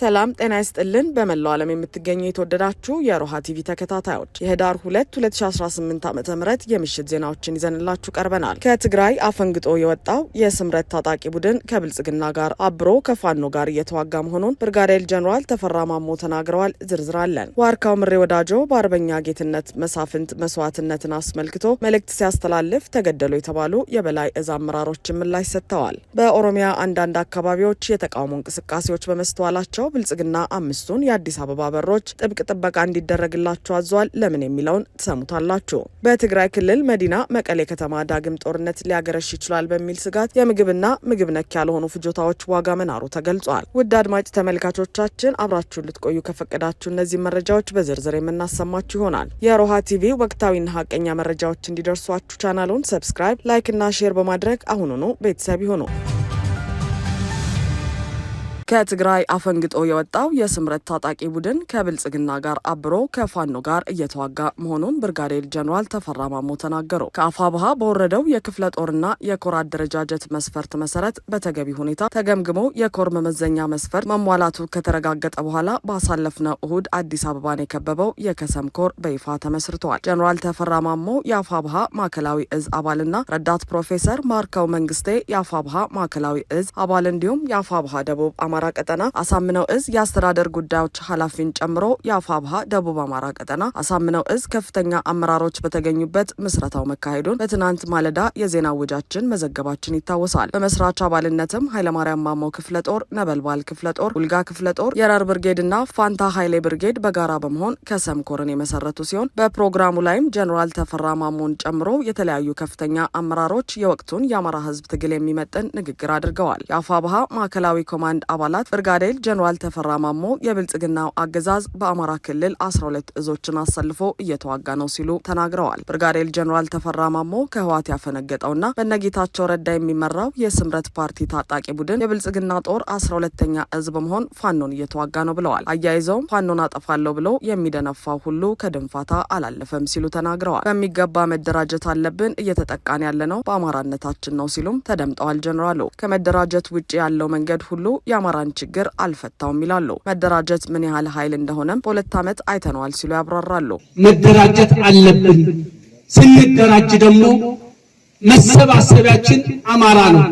ሰላም ጤና ይስጥልን። በመላው ዓለም የምትገኙ የተወደዳችሁ የሮሃ ቲቪ ተከታታዮች የህዳር 2 2018 ዓ ም የምሽት ዜናዎችን ይዘንላችሁ ቀርበናል። ከትግራይ አፈንግጦ የወጣው የስምረት ታጣቂ ቡድን ከብልጽግና ጋር አብሮ ከፋኖ ጋር እየተዋጋ መሆኑን ብርጋዴር ጀኔራል ተፈራ ማሞ ተናግረዋል። ዝርዝር አለን። ዋርካው ምሬ ወዳጆ በአርበኛ ጌትነት መሳፍንት መስዋዕትነትን አስመልክቶ መልእክት ሲያስተላልፍ ተገደሉ የተባሉ የበላይ እዝ አመራሮችን ምላሽ ሰጥተዋል። በኦሮሚያ አንዳንድ አካባቢዎች የተቃውሞ እንቅስቃሴዎች በመስተዋላቸው ብልጽግና አምስቱን የአዲስ አበባ በሮች ጥብቅ ጥበቃ እንዲደረግላቸው አዟል። ለምን የሚለውን ትሰሙታላችሁ። በትግራይ ክልል መዲና መቀሌ ከተማ ዳግም ጦርነት ሊያገረሽ ይችላል በሚል ስጋት የምግብና ምግብ ነክ ያልሆኑ ፍጆታዎች ዋጋ መናሩ ተገልጿል። ውድ አድማጭ ተመልካቾቻችን አብራችሁን ልትቆዩ ከፈቀዳችሁ እነዚህ መረጃዎች በዝርዝር የምናሰማችሁ ይሆናል። የሮሃ ቲቪ ወቅታዊና ሀቀኛ መረጃዎች እንዲደርሷችሁ ቻናሉን ሰብስክራይብ፣ ላይክ ሼር በማድረግ አሁኑኑ ቤተሰብ ይሁኑ። ከትግራይ አፈንግጦ የወጣው የስምረት ታጣቂ ቡድን ከብልጽግና ጋር አብሮ ከፋኖ ጋር እየተዋጋ መሆኑን ብርጋዴር ጀኔራል ተፈራ ማሞ ተናገሩ። ከአፋብሃ በወረደው የክፍለ ጦርና የኮር አደረጃጀት መስፈርት መሰረት በተገቢ ሁኔታ ተገምግሞ የኮር መመዘኛ መስፈርት መሟላቱ ከተረጋገጠ በኋላ ባሳለፍነው እሁድ አዲስ አበባን የከበበው የከሰም ኮር በይፋ ተመስርተዋል። ጀኔራል ተፈራ ማሞ የአፋብሃ ማዕከላዊ እዝ አባልና ረዳት ፕሮፌሰር ማርከው መንግስቴ የአፋብሃ ማዕከላዊ እዝ አባል እንዲሁም የአፋብሃ ደቡብ አማ አማራ ቀጠና አሳምነው እዝ የአስተዳደር ጉዳዮች ኃላፊን ጨምሮ የአፋብሃ ደቡብ አማራ ቀጠና አሳምነው እዝ ከፍተኛ አመራሮች በተገኙበት ምስረታው መካሄዱን በትናንት ማለዳ የዜና ውጃችን መዘገባችን ይታወሳል። በመስራች አባልነትም ኃይለማርያም ማሞ ክፍለ ጦር፣ ነበልባል ክፍለ ጦር፣ ውልጋ ክፍለ ጦር፣ የራር ብርጌድና ፋንታ ኃይሌ ብርጌድ በጋራ በመሆን ከሰምኮርን የመሰረቱ ሲሆን በፕሮግራሙ ላይም ጀኔራል ተፈራ ማሞን ጨምሮ የተለያዩ ከፍተኛ አመራሮች የወቅቱን የአማራ ህዝብ ትግል የሚመጥን ንግግር አድርገዋል። የአፋብሃ ማዕከላዊ ኮማንድ አባላት አባላት ብርጋዴር ጀኔራል ተፈራ ማሞ የብልጽግናው አገዛዝ በአማራ ክልል 12 እዞችን አሰልፎ እየተዋጋ ነው ሲሉ ተናግረዋል። ብርጋዴር ጀኔራል ተፈራ ማሞ ከህወሓት ያፈነገጠውና በነጌታቸው ረዳ የሚመራው የስምረት ፓርቲ ታጣቂ ቡድን የብልጽግና ጦር 12ተኛ እዝ በመሆን ፋኖን እየተዋጋ ነው ብለዋል። አያይዘውም ፋኖን አጠፋለሁ ብሎ የሚደነፋው ሁሉ ከድንፋታ አላለፈም ሲሉ ተናግረዋል። በሚገባ መደራጀት አለብን፣ እየተጠቃን ያለነው በአማራነታችን ነው ሲሉም ተደምጠዋል። ጀኔራሉ ከመደራጀት ውጭ ያለው መንገድ ሁሉ የአማራ የኤርትራን ችግር አልፈታውም ይላሉ። መደራጀት ምን ያህል ኃይል እንደሆነም በሁለት ዓመት አይተነዋል ሲሉ ያብራራሉ። መደራጀት አለብን። ስንደራጅ ደግሞ መሰባሰቢያችን አማራ ነው።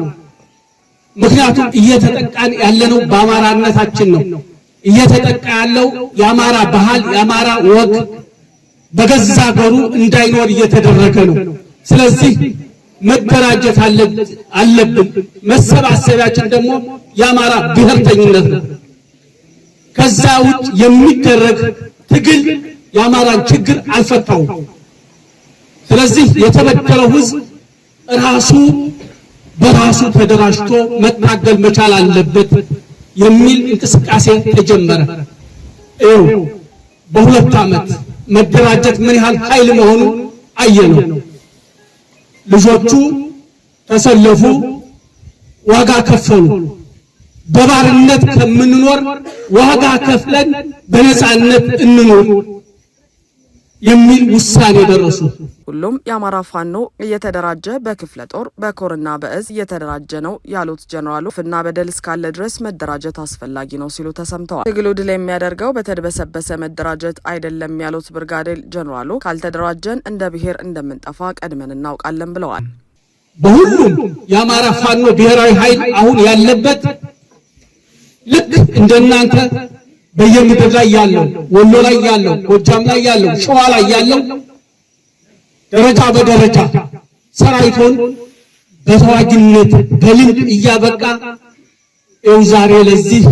ምክንያቱም እየተጠቃን ያለነው በአማራነታችን ነው። እየተጠቃ ያለው የአማራ ባህል፣ የአማራ ወግ በገዛ ሀገሩ እንዳይኖር እየተደረገ ነው። ስለዚህ መደራጀት አለብን። መሰባሰቢያችን ደግሞ የአማራ ብሔርተኝነት ነው። ከዛ ውጭ የሚደረግ ትግል የአማራን ችግር አልፈታውም። ስለዚህ የተበደረው ህዝብ ራሱ በራሱ ተደራጅቶ መታገል መቻል አለበት የሚል እንቅስቃሴ ተጀመረ። ይኸው በሁለት ዓመት መደራጀት ምን ያህል ኃይል መሆኑ አየነው። ልጆቹ ተሰለፉ፣ ዋጋ ከፈሉ። በባርነት ከምንኖር ዋጋ ከፍለን በነፃነት እንኖር። የሚል ውሳኔ ደረሱ። ሁሉም የአማራ ፋኖ እየተደራጀ በክፍለ ጦር በኮርና በእዝ እየተደራጀ ነው ያሉት ጀኔራሉ ፍና በደል እስካለ ድረስ መደራጀት አስፈላጊ ነው ሲሉ ተሰምተዋል። ትግሉ ድል የሚያደርገው በተድበሰበሰ መደራጀት አይደለም ያሉት ብርጋዴር ጀኔራሉ ካልተደራጀን እንደ ብሔር እንደምንጠፋ ቀድመን እናውቃለን ብለዋል። በሁሉም የአማራ ፋኖ ብሔራዊ ኃይል አሁን ያለበት ልክ እንደናንተ በየምድር ላይ ያለው ወሎ ላይ ያለው ጎጃም ላይ ያለው ሸዋ ላይ ያለው ደረጃ በደረጃ ሰራዊቱን በተዋጊነት በልምድ እያበቃ ይኸው ዛሬ ለዚህ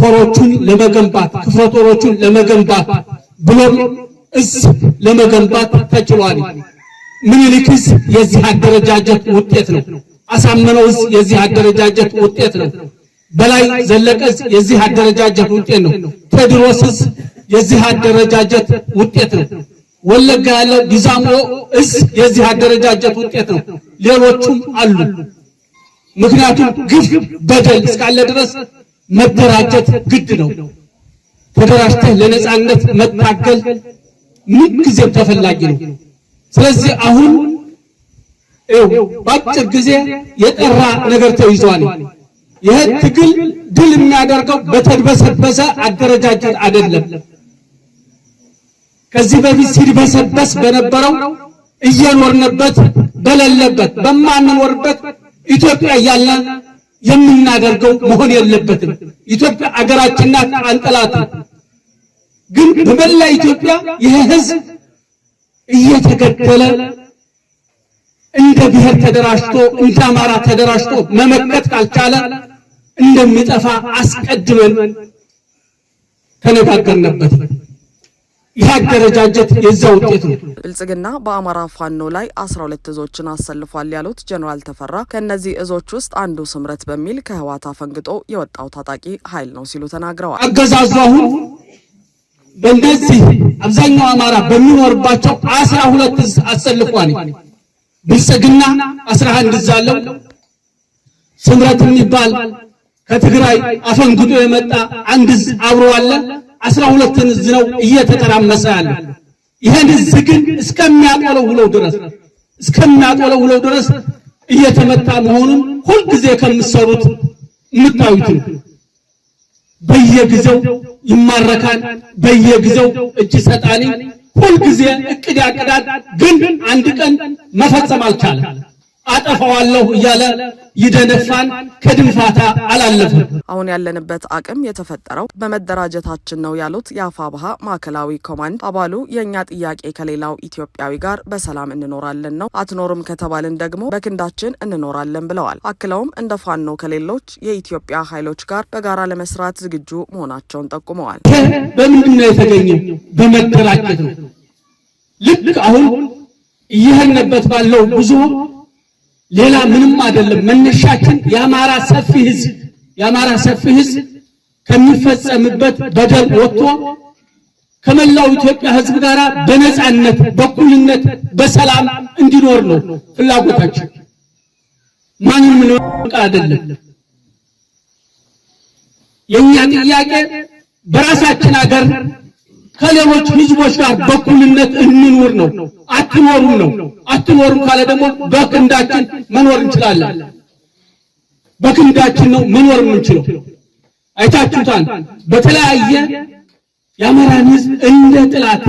ኮሮቹን ለመገንባት ክፍለ ጦሮቹን ለመገንባት ብሎም እዝ ለመገንባት ተችሏል። ምኒልክ እዝ የዚህ አደረጃጀት ውጤት ነው። አሳምነው እዝ የዚህ አደረጃጀት ውጤት ነው። በላይ ዘለቀ የዚህ አደረጃጀት ውጤት ነው። ቴዎድሮስስ የዚህ አደረጃጀት ውጤት ነው። ወለጋ ያለ ዲዛሞ እስ የዚህ አደረጃጀት ውጤት ነው። ሌሎቹም አሉ። ምክንያቱም ግፍ፣ በደል እስካለ ድረስ መደራጀት ግድ ነው። ተደራጅተህ ለነጻነት መታገል ምንጊዜም ተፈላጊ ነው። ስለዚህ አሁን ይኸው በአጭር ጊዜ የጠራ ነገር ተይዟል። ይህ ትግል ድል የሚያደርገው በተድበሰበሰ አደረጃጀት አይደለም። ከዚህ በፊት ሲድበሰበስ በነበረው እየኖርንበት በሌለበት በማንኖርበት ኢትዮጵያ እያለ የምናደርገው መሆን የለበትም። ኢትዮጵያ አገራችን ናት፣ አንጠላትም። ግን በመላ ኢትዮጵያ ይሄ ህዝብ እየተገደለ እንደ ብሔር ተደራጅቶ እንደ አማራ ተደራጅቶ መመከት ካልቻለ እንደሚጠፋ አስቀድመን ተነጋገርንበት። ይህ አደረጃጀት የዛ ውጤት ነው። ብልጽግና በአማራ ፋኖ ላይ አስራ ሁለት እዞችን አሰልፏል ያሉት ጀኔራል ተፈራ ከእነዚህ እዞች ውስጥ አንዱ ስምረት በሚል ከህዋት አፈንግጦ የወጣው ታጣቂ ኃይል ነው ሲሉ ተናግረዋል። አገዛዙ አሁን በእነዚህ አብዛኛው አማራ በሚኖርባቸው አስራ ሁለት እዝ አሰልፏል። ብልጽግና አስራ አንድ እዝ አለው። ስምረት የሚባል ከትግራይ አፈንግጦ የመጣ አንድ እዝ አብሮ አለ። አስራ ሁለትን ነው እየተጠራመሰ ያለ። ይሄን እዝ ግን እስከሚያቆለው ውለው ድረስ እስከሚያቆለው ድረስ እየተመታ መሆኑን ሁልጊዜ ከምሰሩት የምታዩት በየጊዜው ይማረካል። በየጊዜው እጅ ሰጣኒ ሁልጊዜ እቅድ ያቅዳል፣ ግን አንድ ቀን መፈጸም አልቻለም። አጠፋዋለሁ እያለ ይደነፋን ከድንፋታ አላለፈም። አሁን ያለንበት አቅም የተፈጠረው በመደራጀታችን ነው ያሉት የአፋብሃ ማዕከላዊ ኮማንድ አባሉ የእኛ ጥያቄ ከሌላው ኢትዮጵያዊ ጋር በሰላም እንኖራለን ነው፣ አትኖርም ከተባልን ደግሞ በክንዳችን እንኖራለን ብለዋል። አክለውም እንደ ፋኖ ከሌሎች የኢትዮጵያ ኃይሎች ጋር በጋራ ለመስራት ዝግጁ መሆናቸውን ጠቁመዋል። በምንድን ነው የተገኘ? በመደራጀት ነው። ልክ አሁን እየሄድንበት ባለው ብዙ ሌላ ምንም አይደለም። መነሻችን የአማራ ሰፊ ህዝብ የአማራ ሰፊ ህዝብ ከሚፈጸምበት በደል ወጥቶ ከመላው ኢትዮጵያ ህዝብ ጋር በነፃነት በኩልነት በሰላም እንዲኖር ነው ፍላጎታችን። ማንም ነው አይደለም። የኛ ጥያቄ በራሳችን አገር ከሌሎች ህዝቦች ጋር በኩልነት እንኑር ነው። አትኖሩም ነው። አትኖሩም ካለ ደግሞ በክንዳችን መኖር እንችላለን። በክንዳችን ነው መኖር የምንችለው። አይታችሁታል። በተለያየ የአማራን ህዝብ እንደ ጥላት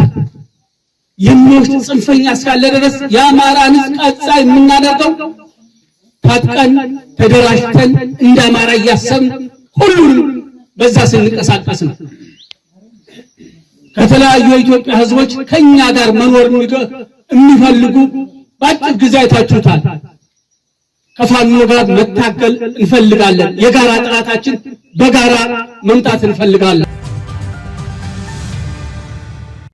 የሚወስድ ጽንፈኛ እስካለ ድረስ የአማራን ህዝብ ቀጻ የምናደርገው ታጥቀን ተደራጅተን እንደ አማራ እያሰብን ሁሉንም በዛ ስንቀሳቀስ ነው። ከተለያዩ የኢትዮጵያ ህዝቦች ከኛ ጋር መኖር የሚፈልጉ በአጭር ጊዜ አይታችሁታል። ከፋኖ ጋር መታገል እንፈልጋለን። የጋራ ጥራታችን በጋራ መምጣት እንፈልጋለን።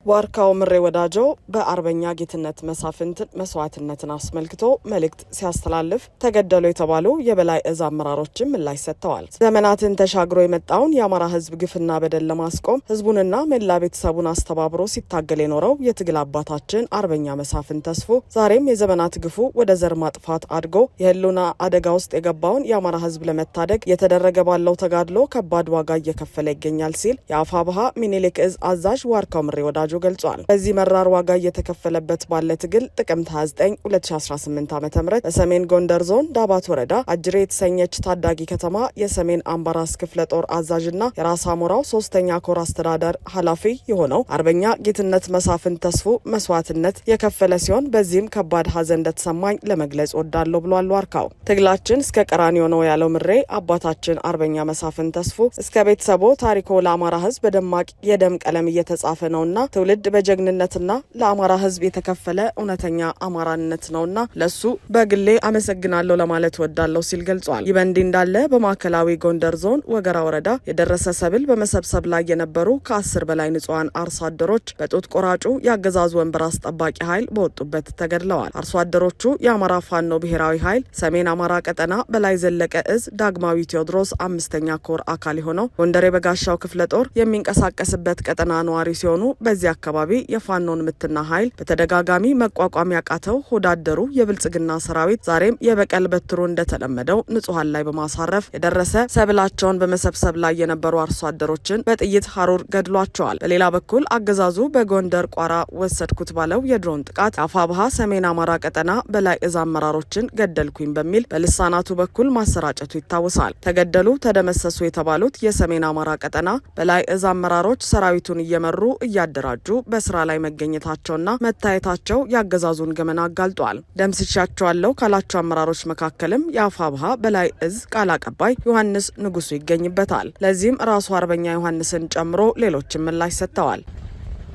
ዋርካው ምሬ ወዳጆ በአርበኛ ጌትነት መሳፍንትን መስዋዕትነትን አስመልክቶ መልእክት ሲያስተላልፍ ተገደሉ የተባሉ የበላይ እዝ አመራሮችም ምላሽ ሰጥተዋል። ዘመናትን ተሻግሮ የመጣውን የአማራ ሕዝብ ግፍና በደል ለማስቆም ሕዝቡንና መላ ቤተሰቡን አስተባብሮ ሲታገል የኖረው የትግል አባታችን አርበኛ መሳፍንት ተስፉ ዛሬም የዘመናት ግፉ ወደ ዘር ማጥፋት አድጎ የህልውና አደጋ ውስጥ የገባውን የአማራ ሕዝብ ለመታደግ የተደረገ ባለው ተጋድሎ ከባድ ዋጋ እየከፈለ ይገኛል ሲል የአፋ ባሀ ሚኒሊክ እዝ አዛዥ ዋርካው ምሬ ወዳጆ መሆናቸው ገልጿል። በዚህ መራር ዋጋ እየተከፈለበት ባለ ትግል ጥቅምት 29 2018 ዓ ም በሰሜን ጎንደር ዞን ዳባት ወረዳ አጅሬ የተሰኘች ታዳጊ ከተማ የሰሜን አምባራስ ክፍለ ጦር አዛዥና የራስ አሞራው ሶስተኛ ኮር አስተዳደር ኃላፊ የሆነው አርበኛ ጌትነት መሳፍን ተስፉ መስዋዕትነት የከፈለ ሲሆን በዚህም ከባድ ሀዘን እንደተሰማኝ ለመግለጽ ወዳለሁ ብሏል። ዋርካው ትግላችን እስከ ቀራንዮ ነው ያለው ምሬ አባታችን አርበኛ መሳፍን ተስፉ እስከ ቤተሰቦ ታሪኮ ለአማራ ሕዝብ በደማቅ የደም ቀለም እየተጻፈ ነውና ትውልድ ትውልድ በጀግንነትና ለአማራ ሕዝብ የተከፈለ እውነተኛ አማራነት ነውና ለሱ በግሌ አመሰግናለሁ ለማለት ወዳለሁ ሲል ገልጿል። ይህ በእንዲህ እንዳለ በማዕከላዊ ጎንደር ዞን ወገራ ወረዳ የደረሰ ሰብል በመሰብሰብ ላይ የነበሩ ከአስር በላይ ንጹሐን አርሶ አደሮች በጡት ቆራጩ የአገዛዙ ወንበር አስጠባቂ ኃይል በወጡበት ተገድለዋል። አርሶ አደሮቹ የአማራ ፋኖ ብሔራዊ ኃይል ሰሜን አማራ ቀጠና በላይ ዘለቀ እዝ ዳግማዊ ቴዎድሮስ አምስተኛ ኮር አካል የሆነው ጎንደር የበጋሻው ክፍለ ጦር የሚንቀሳቀስበት ቀጠና ነዋሪ ሲሆኑ በዚያ አካባቢ የፋኖን ምትና ኃይል በተደጋጋሚ መቋቋም ያቃተው ሆዳደሩ የብልጽግና ሰራዊት ዛሬም የበቀል በትሮ እንደተለመደው ንጹሐን ላይ በማሳረፍ የደረሰ ሰብላቸውን በመሰብሰብ ላይ የነበሩ አርሶ አደሮችን በጥይት ሀሩር ገድሏቸዋል። በሌላ በኩል አገዛዙ በጎንደር ቋራ ወሰድኩት ባለው የድሮን ጥቃት የአፋብሃ ሰሜን አማራ ቀጠና በላይ እዝ አመራሮችን ገደልኩኝ በሚል በልሳናቱ በኩል ማሰራጨቱ ይታወሳል። ተገደሉ፣ ተደመሰሱ የተባሉት የሰሜን አማራ ቀጠና በላይ እዝ አመራሮች ሰራዊቱን እየመሩ እያደራጁ በስራ ላይ መገኘታቸውና መታየታቸው የአገዛዙን ገመና አጋልጧል። ደምስሻቸዋለሁ ካላቸው አመራሮች መካከልም የአፋብሃ በላይ እዝ ቃል አቀባይ ዮሐንስ ንጉሱ ይገኝበታል። ለዚህም ራሱ አርበኛ ዮሐንስን ጨምሮ ሌሎችም ምላሽ ሰጥተዋል።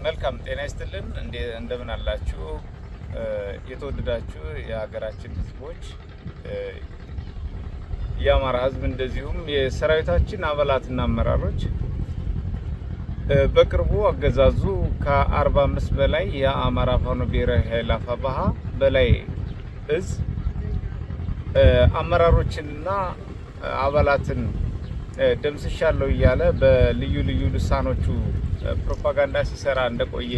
መልካም ጤና ይስጥልን። እንደምን አላችሁ? የተወደዳችሁ የሀገራችን ህዝቦች የአማራ ህዝብ እንደዚሁም የሰራዊታችን አባላትና አመራሮች በቅርቡ አገዛዙ ከ45 በላይ የአማራ ፋኖ ብሔራዊ ኃይል አፋባሃ በላይ እዝ አመራሮችንና አባላትን ደምስሻለሁ እያለ በልዩ ልዩ ልሳኖቹ ፕሮፓጋንዳ ሲሰራ እንደቆየ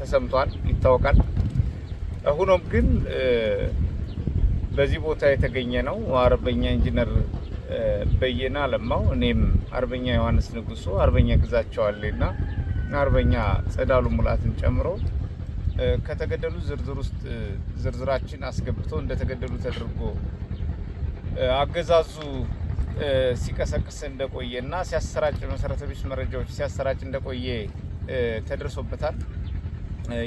ተሰምቷል፣ ይታወቃል። ሆኖም ግን በዚህ ቦታ የተገኘ ነው አርበኛ ኢንጂነር በየና ለማው እኔም አርበኛ ዮሐንስ ንጉሱ አርበኛ ግዛቸው አለና አርበኛ ጸዳሉ ሙላትን ጨምሮ ከተገደሉ ዝርዝር ውስጥ ዝርዝራችን አስገብቶ እንደተገደሉ ተደርጎ አገዛዙ ሲቀሰቅስ እንደቆየ እንደቆየና ሲያሰራጭ መሰረተ ቢስ መረጃዎች ሲያሰራጭ እንደቆየ ተደርሶበታል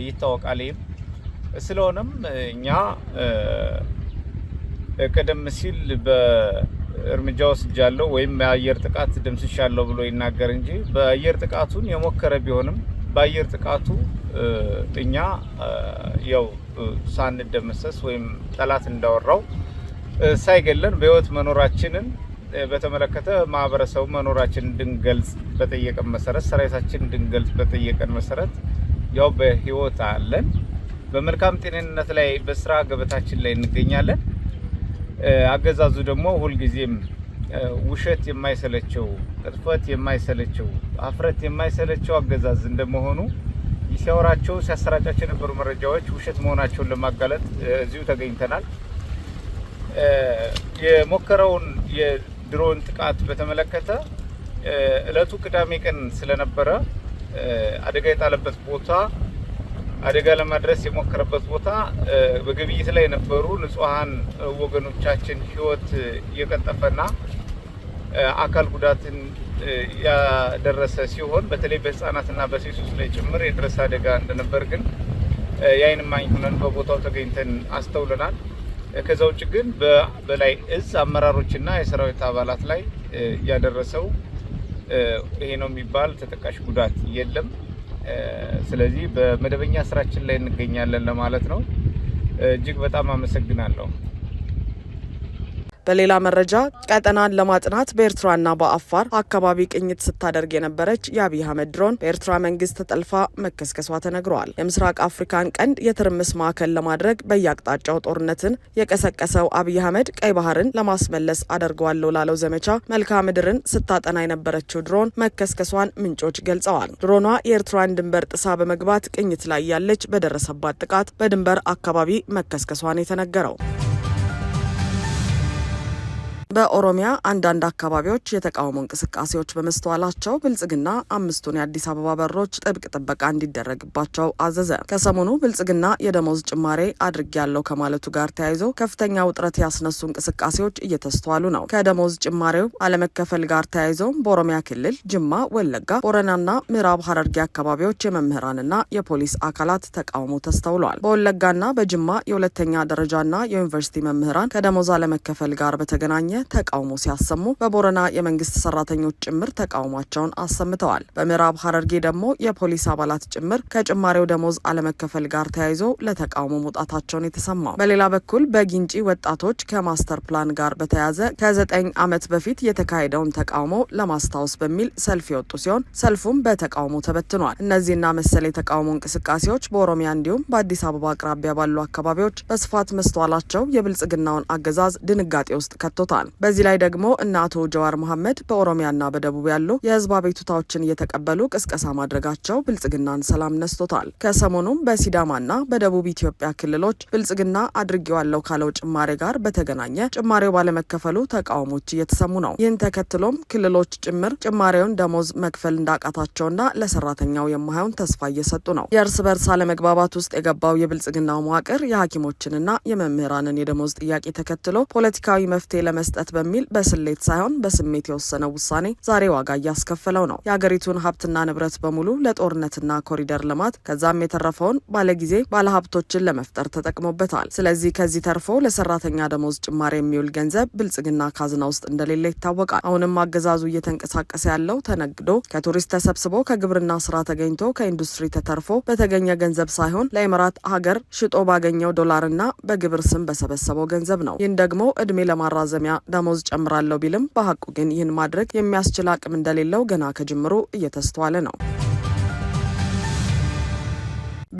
ይታወቃል። ይህም ስለሆነም እኛ ቀደም ሲል በ እርምጃ ወስጃለሁ ወይም የአየር ጥቃት ደምስሻለሁ ብሎ ይናገር እንጂ በአየር ጥቃቱን የሞከረ ቢሆንም በአየር ጥቃቱ እኛ ያው ሳንደመሰስ ወይም ጠላት እንዳወራው ሳይገለን በህይወት መኖራችንን በተመለከተ ማህበረሰቡ መኖራችን እንድንገልጽ በጠየቀን መሰረት ሰራዊታችን እንድንገልጽ በጠየቀን መሰረት ያው በህይወት አለን፣ በመልካም ጤንነት ላይ በስራ ገበታችን ላይ እንገኛለን። አገዛዙ ደግሞ ሁልጊዜም ውሸት የማይሰለቸው ቅጥፈት የማይሰለቸው አፍረት የማይሰለቸው አገዛዝ እንደመሆኑ ሲያወራቸው ሲያሰራጫቸው የነበሩ መረጃዎች ውሸት መሆናቸውን ለማጋለጥ እዚሁ ተገኝተናል። የሞከረውን የድሮን ጥቃት በተመለከተ እለቱ ቅዳሜ ቀን ስለነበረ አደጋ የጣለበት ቦታ አደጋ ለማድረስ የሞከረበት ቦታ በግብይት ላይ የነበሩ ንጹሐን ወገኖቻችን ህይወት የቀጠፈና አካል ጉዳትን ያደረሰ ሲሆን በተለይ በህፃናትና በሴቶች ላይ ጭምር የደረሰ አደጋ እንደነበር ግን የዓይን እማኝ ሆነን በቦታው ተገኝተን አስተውለናል። ከዛ ውጭ ግን በላይ እዝ አመራሮችና የሰራዊት አባላት ላይ ያደረሰው ይሄ ነው የሚባል ተጠቃሽ ጉዳት የለም። ስለዚህ በመደበኛ ስራችን ላይ እንገኛለን ለማለት ነው። እጅግ በጣም አመሰግናለሁ። በሌላ መረጃ ቀጠናን ለማጥናት በኤርትራና በአፋር አካባቢ ቅኝት ስታደርግ የነበረች የአብይ አህመድ ድሮን በኤርትራ መንግስት ተጠልፋ መከስከሷ ተነግረዋል። የምስራቅ አፍሪካን ቀንድ የትርምስ ማዕከል ለማድረግ በየአቅጣጫው ጦርነትን የቀሰቀሰው አብይ አህመድ ቀይ ባህርን ለማስመለስ አደርገዋለሁ ላለው ዘመቻ መልክዓ ምድርን ስታጠና የነበረችው ድሮን መከስከሷን ምንጮች ገልጸዋል። ድሮኗ የኤርትራን ድንበር ጥሳ በመግባት ቅኝት ላይ ያለች በደረሰባት ጥቃት በድንበር አካባቢ መከስከሷን የተነገረው በኦሮሚያ አንዳንድ አካባቢዎች የተቃውሞ እንቅስቃሴዎች በመስተዋላቸው ብልጽግና አምስቱን የአዲስ አበባ በሮች ጥብቅ ጥበቃ እንዲደረግባቸው አዘዘ። ከሰሞኑ ብልጽግና የደሞዝ ጭማሬ ያለው ከማለቱ ጋር ተያይዞ ከፍተኛ ውጥረት ያስነሱ እንቅስቃሴዎች እየተስተዋሉ ነው። ከደሞዝ ጭማሬው አለመከፈል ጋር ተያይዞ በኦሮሚያ ክልል ጅማ፣ ወለጋ፣ ቦረናና ምዕራብ ሐረርጌ አካባቢዎች የመምህራንና የፖሊስ አካላት ተቃውሞ ተስተውሏል። በወለጋና በጅማ የሁለተኛ ደረጃና የዩኒቨርሲቲ መምህራን ከደሞዝ አለመከፈል ጋር በተገናኘ ተቃውሞ ሲያሰሙ በቦረና የመንግስት ሰራተኞች ጭምር ተቃውሟቸውን አሰምተዋል። በምዕራብ ሀረርጌ ደግሞ የፖሊስ አባላት ጭምር ከጭማሪው ደሞዝ አለመከፈል ጋር ተያይዞ ለተቃውሞ መውጣታቸውን የተሰማው። በሌላ በኩል በጊንጪ ወጣቶች ከማስተር ፕላን ጋር በተያያዘ ከዘጠኝ ዓመት በፊት የተካሄደውን ተቃውሞ ለማስታወስ በሚል ሰልፍ የወጡ ሲሆን ሰልፉም በተቃውሞ ተበትኗል። እነዚህና መሰል የተቃውሞ እንቅስቃሴዎች በኦሮሚያ እንዲሁም በአዲስ አበባ አቅራቢያ ባሉ አካባቢዎች በስፋት መስተዋላቸው የብልጽግናውን አገዛዝ ድንጋጤ ውስጥ ከቶታል። በዚህ ላይ ደግሞ እነ አቶ ጀዋር መሐመድ በኦሮሚያና በደቡብ ያሉ የህዝብ አቤቱታዎችን እየተቀበሉ ቅስቀሳ ማድረጋቸው ብልጽግናን ሰላም ነስቶታል። ከሰሞኑም በሲዳማና በደቡብ ኢትዮጵያ ክልሎች ብልጽግና አድርጌዋለሁ ካለው ጭማሬ ጋር በተገናኘ ጭማሬው ባለመከፈሉ ተቃውሞች እየተሰሙ ነው። ይህን ተከትሎም ክልሎች ጭምር ጭማሬውን ደሞዝ መክፈል እንዳቃታቸውና ለሰራተኛው የማይሆን ተስፋ እየሰጡ ነው። የእርስ በርስ አለመግባባት ውስጥ የገባው የብልጽግናው መዋቅር የሐኪሞችንና የመምህራንን የደሞዝ ጥያቄ ተከትሎ ፖለቲካዊ መፍትሄ ለመስጠት ለመስጠት በሚል በስሌት ሳይሆን በስሜት የወሰነው ውሳኔ ዛሬ ዋጋ እያስከፈለው ነው። የአገሪቱን ሀብትና ንብረት በሙሉ ለጦርነትና ኮሪደር ልማት ከዛም የተረፈውን ባለጊዜ ባለሀብቶችን ለመፍጠር ተጠቅሞበታል። ስለዚህ ከዚህ ተርፎ ለሰራተኛ ደሞዝ ጭማሪ የሚውል ገንዘብ ብልጽግና ካዝና ውስጥ እንደሌለ ይታወቃል። አሁንም አገዛዙ እየተንቀሳቀሰ ያለው ተነግዶ ከቱሪስት ተሰብስቦ ከግብርና ስራ ተገኝቶ ከኢንዱስትሪ ተተርፎ በተገኘ ገንዘብ ሳይሆን ለኢምራት ሀገር ሽጦ ባገኘው ዶላርና በግብር ስም በሰበሰበው ገንዘብ ነው። ይህን ደግሞ እድሜ ለማራዘሚያ ደሞዝ ጨምራለሁ ቢልም በሀቁ ግን ይህን ማድረግ የሚያስችል አቅም እንደሌለው ገና ከጅምሩ እየተስተዋለ ነው።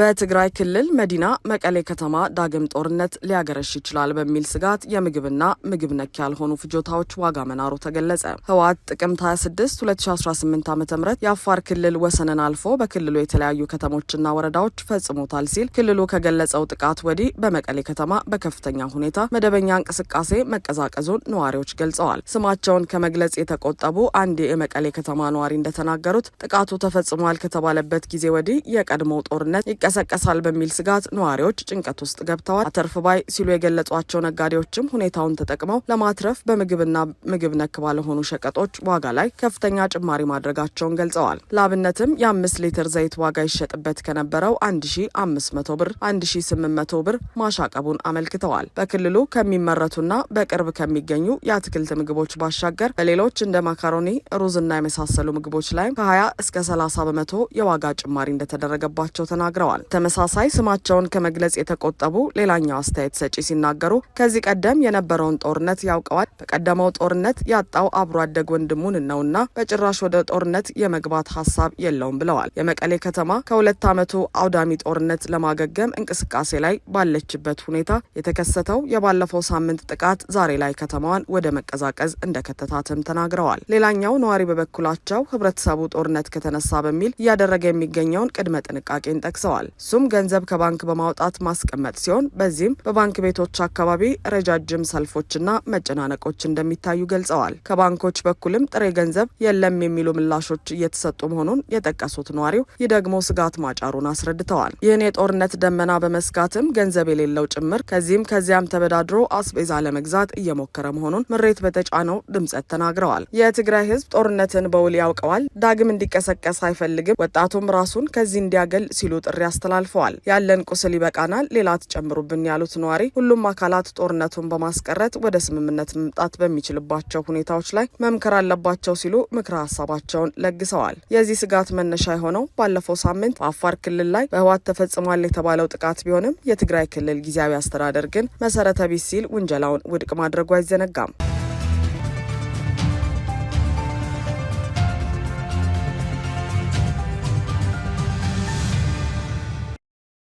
በትግራይ ክልል መዲና መቀሌ ከተማ ዳግም ጦርነት ሊያገረሽ ይችላል በሚል ስጋት የምግብና ምግብ ነክ ያልሆኑ ፍጆታዎች ዋጋ መናሩ ተገለጸ። ህወሓት ጥቅምት 26 2018 ዓ ም የአፋር ክልል ወሰንን አልፎ በክልሉ የተለያዩ ከተሞችና ወረዳዎች ፈጽሞታል ሲል ክልሉ ከገለጸው ጥቃት ወዲህ በመቀሌ ከተማ በከፍተኛ ሁኔታ መደበኛ እንቅስቃሴ መቀዛቀዙን ነዋሪዎች ገልጸዋል። ስማቸውን ከመግለጽ የተቆጠቡ አንድ የመቀሌ ከተማ ነዋሪ እንደተናገሩት ጥቃቱ ተፈጽሟል ከተባለበት ጊዜ ወዲህ የቀድሞው ጦርነት ይቀሰቀሳል በሚል ስጋት ነዋሪዎች ጭንቀት ውስጥ ገብተዋል። አተርፍ ባይ ሲሉ የገለጿቸው ነጋዴዎችም ሁኔታውን ተጠቅመው ለማትረፍ በምግብና ምግብ ነክ ባለሆኑ ሸቀጦች ዋጋ ላይ ከፍተኛ ጭማሪ ማድረጋቸውን ገልጸዋል። ለአብነትም የአምስት ሊትር ዘይት ዋጋ ይሸጥበት ከነበረው 1500 ብር 1800 ብር ማሻቀቡን አመልክተዋል። በክልሉ ከሚመረቱና በቅርብ ከሚገኙ የአትክልት ምግቦች ባሻገር በሌሎች እንደ ማካሮኒ፣ ሩዝና የመሳሰሉ ምግቦች ላይም ከ20 እስከ 30 በመቶ የዋጋ ጭማሪ እንደተደረገባቸው ተናግረዋል። ብለዋል። ተመሳሳይ ስማቸውን ከመግለጽ የተቆጠቡ ሌላኛው አስተያየት ሰጪ ሲናገሩ ከዚህ ቀደም የነበረውን ጦርነት ያውቀዋል። በቀደመው ጦርነት ያጣው አብሮ አደግ ወንድሙን ነውና በጭራሽ ወደ ጦርነት የመግባት ሀሳብ የለውም ብለዋል። የመቀሌ ከተማ ከሁለት ዓመቱ አውዳሚ ጦርነት ለማገገም እንቅስቃሴ ላይ ባለችበት ሁኔታ የተከሰተው የባለፈው ሳምንት ጥቃት ዛሬ ላይ ከተማዋን ወደ መቀዛቀዝ እንደከተታትም ተናግረዋል። ሌላኛው ነዋሪ በበኩላቸው ህብረተሰቡ ጦርነት ከተነሳ በሚል እያደረገ የሚገኘውን ቅድመ ጥንቃቄን ጠቅሰዋል። ተጠቅሟል። እሱም ገንዘብ ከባንክ በማውጣት ማስቀመጥ ሲሆን በዚህም በባንክ ቤቶች አካባቢ ረጃጅም ሰልፎችና መጨናነቆች እንደሚታዩ ገልጸዋል። ከባንኮች በኩልም ጥሬ ገንዘብ የለም የሚሉ ምላሾች እየተሰጡ መሆኑን የጠቀሱት ነዋሪው ይህ ደግሞ ስጋት ማጫሩን አስረድተዋል። ይህን የጦርነት ደመና በመስጋትም ገንዘብ የሌለው ጭምር ከዚህም ከዚያም ተበዳድሮ አስቤዛ ለመግዛት እየሞከረ መሆኑን ምሬት በተጫነው ድምጸት ተናግረዋል። የትግራይ ህዝብ ጦርነትን በውል ያውቀዋል፣ ዳግም እንዲቀሰቀስ አይፈልግም፣ ወጣቱም ራሱን ከዚህ እንዲያገል ሲሉ ጥሪ አስተላልፈዋል። ያለን ቁስል ይበቃናል፣ ሌላ ትጨምሩብን ያሉት ነዋሪ ሁሉም አካላት ጦርነቱን በማስቀረት ወደ ስምምነት መምጣት በሚችልባቸው ሁኔታዎች ላይ መምከር አለባቸው ሲሉ ምክረ ሀሳባቸውን ለግሰዋል። የዚህ ስጋት መነሻ የሆነው ባለፈው ሳምንት በአፋር ክልል ላይ በህወሓት ተፈጽሟል የተባለው ጥቃት ቢሆንም የትግራይ ክልል ጊዜያዊ አስተዳደር ግን መሰረተ ቢስ ሲል ውንጀላውን ውድቅ ማድረጉ አይዘነጋም።